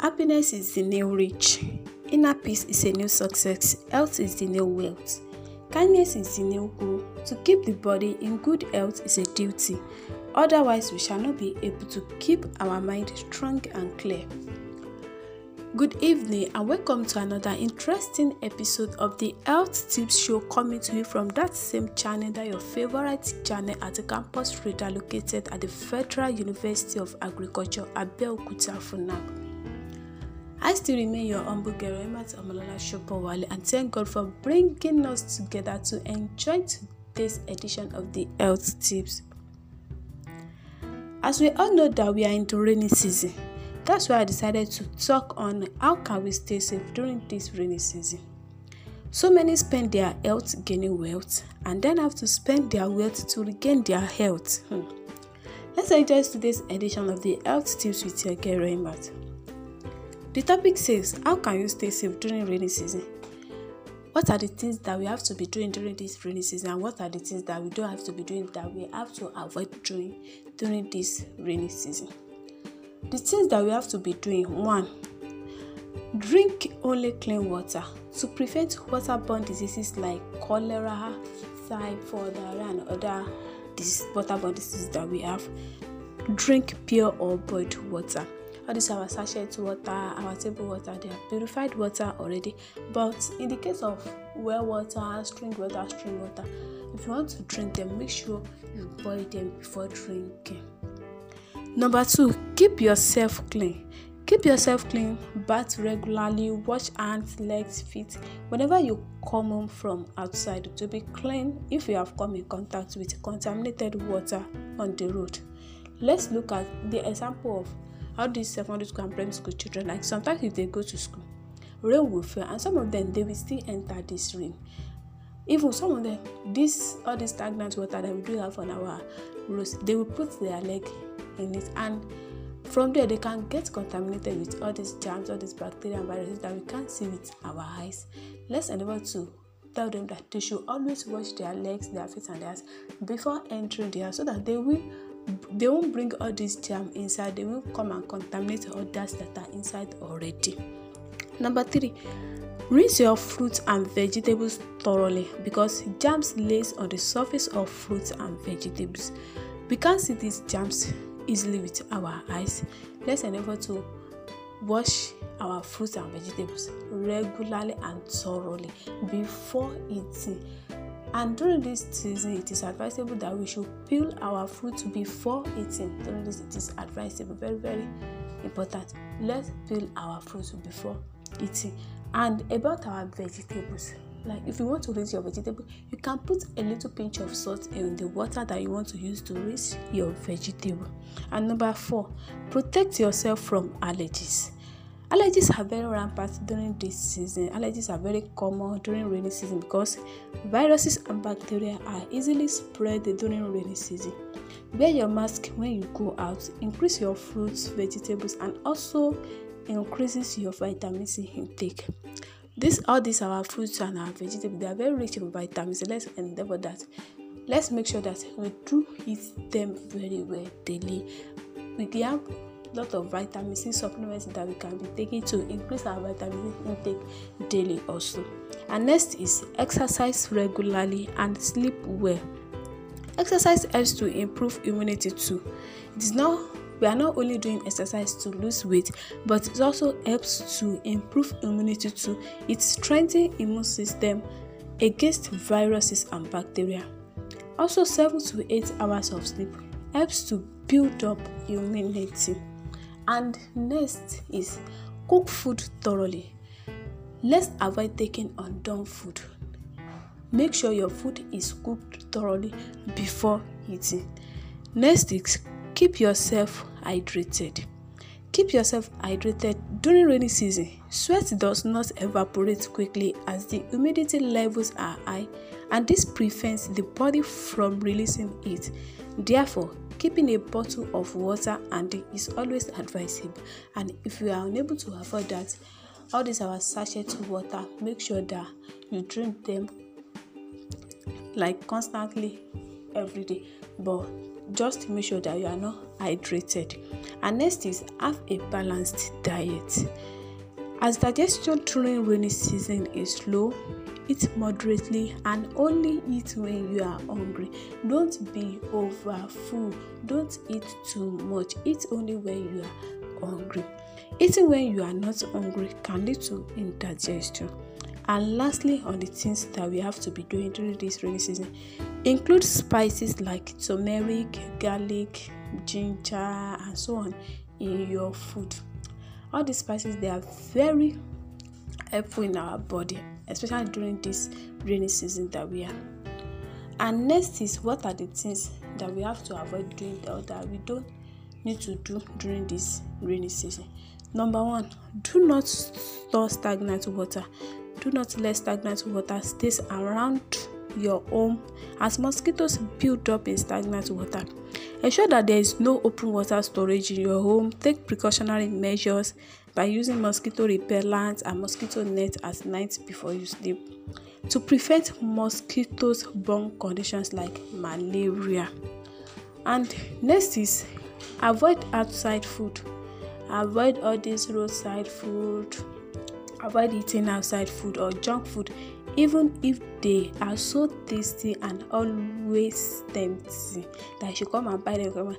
Happiness is the new rich. Inner peace is a new success. Health is the new wealth. Kindness is the new goal. To keep the body in good health is a duty. Otherwise, we shall not be able to keep our mind strong and clear. Good evening and welcome to another interesting episode of the Health Tips Show coming to you from that same channel that your favorite channel at the campus Radio, located at the Federal University of Agriculture, Abeokuta, Funab. I still remain your humble girl, Emat Amalola Shopowale, and thank God for bringing us together to enjoy today's edition of the Health Tips. As we all know that we are into rainy season, that's why I decided to talk on how can we stay safe during this rainy season. So many spend their health gaining wealth and then have to spend their wealth to regain their health. Hmm. Let's enjoy today's edition of the Health Tips with your girl Rainbat. The topic says, How can you stay safe during rainy season? What are the things that we have to be doing during this rainy season and what are the things that we don't have to be doing that we have to avoid doing during this rainy season? The things that we have to be doing one, drink only clean water to prevent waterborne diseases like cholera, typhoid, and other waterborne diseases that we have. Drink pure or boiled water. all these our sachet water, our table water, they are purified water already. But in the case of well water, spring water, stream water, if you want to drink them, make sure you boil them before drinking. Number two, keep yourself clean. Keep yourself clean, bath regularly, wash hands, legs, feet. Whenever you come home from outside, to be clean if you have come in contact with contaminated water on the road. Let's look at the example of all these secondary school and primary school children, like sometimes if they go to school, rain will fall, and some of them they will still enter this rain. Even some of them, this all this stagnant water that we do have on our roads, they will put their leg in it, and from there they can get contaminated with all these germs, all these bacteria and viruses that we can't see with our eyes. Let's endeavor to tell them that they should always wash their legs, their feet, and their hands before entering the house so that they will they won't bring all this germ inside they won't come and contaminate others that are inside already number three rinse your fruits and vegetables thoroughly because germs lays on the surface of fruits and vegetables we can't see these germs easily with our eyes let's endeavor to wash our fruits and vegetables regularly and thoroughly before eating And during this season, it is advisable that we should peel our fruit before eating. During this, it is advisable, very, very important. Let's peel our fruit before eating. And about our vegetables, like if you want to rinse your vegetable, you can put a little pinch of salt in the water that you want to use to rinse your vegetable. And number four, protect yourself from allergies. Allergies are very rampant during this season. Allergies are very common during rainy season because viruses and bacteria are easily spread during rainy season. Wear your mask when you go out, increase your fruits, vegetables, and also increases your vitamin C intake. This all these our fruits and our vegetables, they are very rich in vitamins. let's endeavor that. Let's make sure that we do eat them very well daily. We can lot of vitamin C supplements that we can be taking to increase our vitamin C intake daily also. And next is exercise regularly and sleep well. Exercise helps to improve immunity too. It is not we are not only doing exercise to lose weight but it also helps to improve immunity too. It strengthens immune system against viruses and bacteria. Also 7 to 8 hours of sleep helps to build up immunity. And next is cook food thoroughly. Let's avoid taking undone food. Make sure your food is cooked thoroughly before eating. Next is keep yourself hydrated. Keep yourself hydrated during rainy season. Sweat does not evaporate quickly as the humidity levels are high, and this prevents the body from releasing it. Therefore, Keeping a bottle of water handy is always advisable, and if you are unable to afford that, all these our sachets of water, make sure that you drink them like constantly every day. But just make sure that you are not hydrated. And next is have a balanced diet. As digestion during rainy season is low, eat moderately and only eat when you are hungry don't be over full don't eat too much eat only when you are hungry eating when you are not hungry can lead to indigestion and lastly on the things that we have to be doing during this rainy season include spices like turmeric garlic ginger and so on in your food all these spices they are very helpful in our body especially during this rainy season that we are. And next is what are the things that we have to avoid doing or that we don't need to do during this rainy season. Number one, do not store stagnant water. Do not let stagnant water stay around your home as mosquitoes build up in stagnant water. Ensure that there is no open water storage in your home. Take precautionary measures by using mosquito repellent and mosquito net at night before you sleep to prevent mosquitoes borne conditions like malaria and next is avoid outside food avoid all this roadside food avoid eating outside food or junk food even if they are so tasty and always tempting that you should come and buy them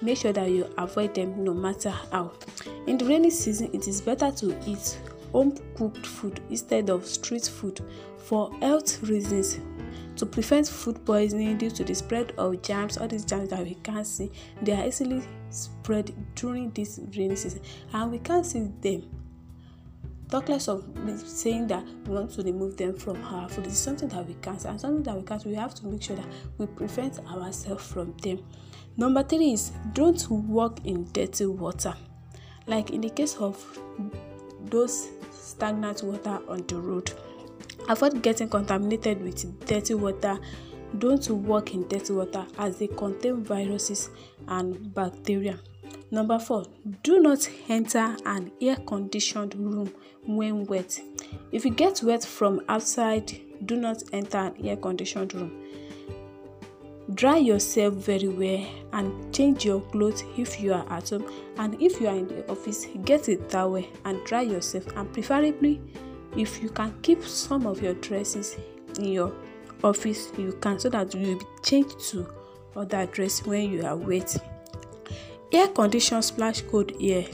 make sure that you avoid them no matter how. In the rainy season, it is better to eat home cooked food instead of street food for health reasons to prevent food poisoning due to the spread of germs all these germs that we can't see they are easily spread during this rainy season and we can't see them talk less of saying that we want to remove them from our food. It's something that we can't, and something that we can't. We have to make sure that we prevent ourselves from them. Number three is don't walk in dirty water. Like in the case of those stagnant water on the road, avoid getting contaminated with dirty water. Don't walk in dirty water as they contain viruses and bacteria. Number four, do not enter an air conditioned room when wet. If you get wet from outside, do not enter an air conditioned room. Dry yourself very well and change your clothes if you are at home and if you are in the office, get a towel and dry yourself and preferably if you can keep some of your dresses in your office you can so that you will be changed to other dress when you are wet. Air condition splash cold here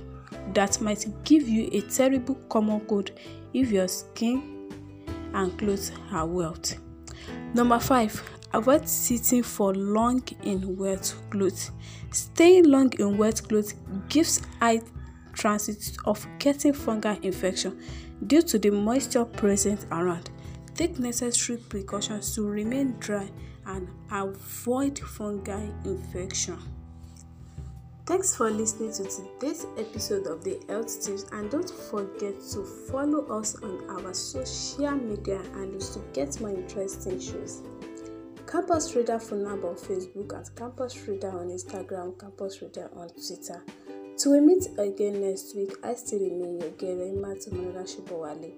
that might give you a terrible common cold if your skin and clothes are wet. Number five, Avoid sitting for long in wet clothes. Staying long in wet clothes gives high transit of getting fungal infection due to the moisture present around. Take necessary precautions to remain dry and avoid fungal infection. Thanks for listening to today's episode of the Health Tips and don't forget to follow us on our social media handles to get more interesting shows. Campus Reader for now on Facebook at Campus Reader on Instagram, Campus Reader on Twitter. To we meet again next week, I still remain your girl Emma Tomonola Shibowale.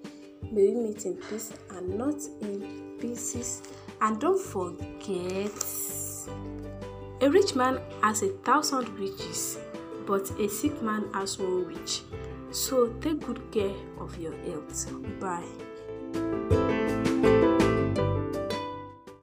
May we meet in peace and not in pieces. And don't forget. A rich man has a thousand riches, but a sick man has one rich. So take good care of your health. Bye.